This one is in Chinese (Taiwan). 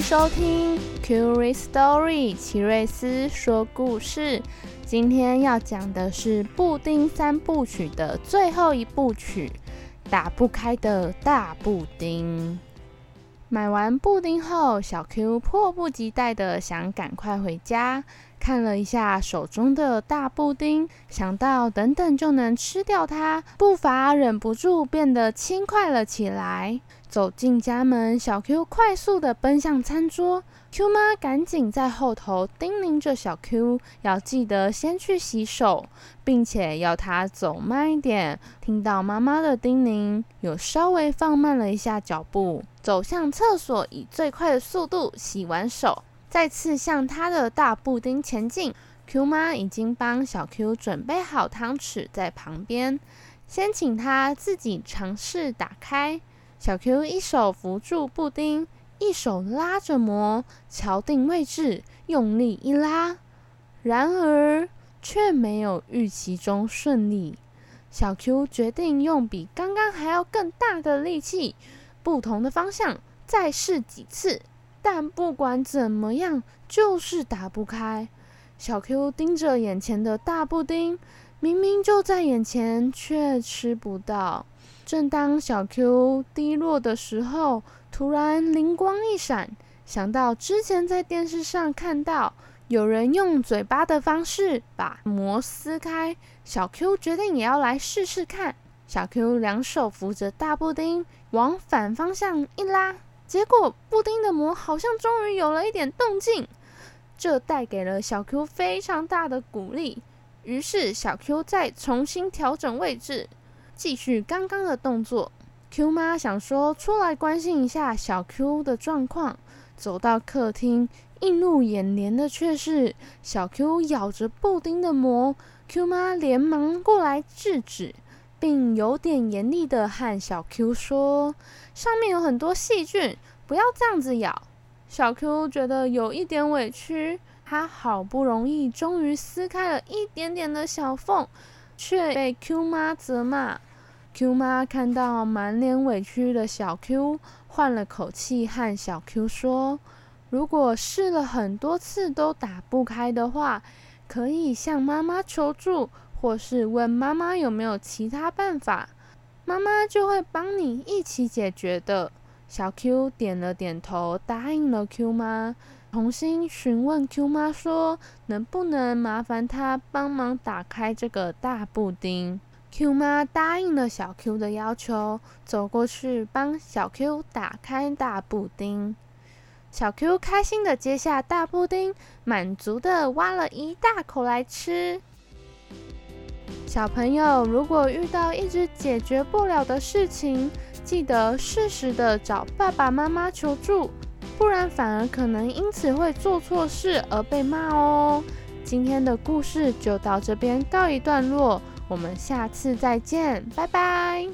收聽 Curious Story 奇瑞斯說故事，今天要講的是布丁三部曲的最後一部曲——打不開的大布丁。買完布丁後，小 Q 迫不及待的想趕快回家，看了一下手中的大布丁，想到等等就能吃掉它，步伐忍不住變得輕快了起來。走進家門，小 Q 快速的奔向餐桌。Q 媽趕緊在後頭叮嚀着小 Q，要記得先去洗手，並且要他走慢一點。聽到媽媽的叮嚀，有稍微放慢了一下腳步，走向廁所，以最快的速度洗完手，再次向他的大布丁前進。Q 媽已經幫小 Q 準備好湯匙在旁邊，先請他自己嘗試打開。小 Q 一手扶住布丁，一手拉着膜，瞧定位置，用力一拉。然而，卻沒有預期中順利。小 Q 決定用比剛剛還要更大的力氣，不同的方向再試幾次。但不管怎麼樣，就是打不開。小 Q 盯着眼前的大布丁，明明就在眼前，卻吃不到。正當小 Q 低落的時候，突然靈光一閃，想到之前在電視上看到有人用嘴巴的方式把膜撕開，小 Q 決定也要來試試看。小 Q 兩手扶着大布丁，往反方向一拉，結果布丁的膜好像終於有了一點動靜。這帶給了小 Q 非常大的鼓勵，於是小 Q 再重新調整位置，繼續剛剛的動作。Q 媽想說出來關心一下小 Q 的狀況，走到客廳，映入眼簾的卻是小 Q 咬着布丁的膜。Q 媽連忙過來制止，並有點嚴厲地和小 Q 說：“上面有很多細菌，不要這樣子咬。”小 Q 覺得有一點委屈，他好不容易終於撕開了一點點的小縫，卻被 Q 媽責罵。Q 媽看到滿臉委屈的小 Q，換了口氣和小 Q 說：“如果試了很多次都打不開的話，可以向媽媽求助，或是問媽媽有沒有其他辦法，媽媽就會幫你一起解決的。”小 Q 點了點頭，答應了 Q 媽。重新詢問 Q 媽說：“能不能麻煩她幫忙打開這個大布丁？”Q 媽答應了小 Q 的要求，走過去幫小 Q 打開大布丁。小 Q 開心的接下大布丁，滿足的挖了一大口來吃。小朋友，如果遇到一直解決不了的事情，記得適時的找爸爸媽媽求助，不然反而可能因此會做錯事而被罵哦。今天的故事就到這邊告一段落，我們下次再見，拜拜。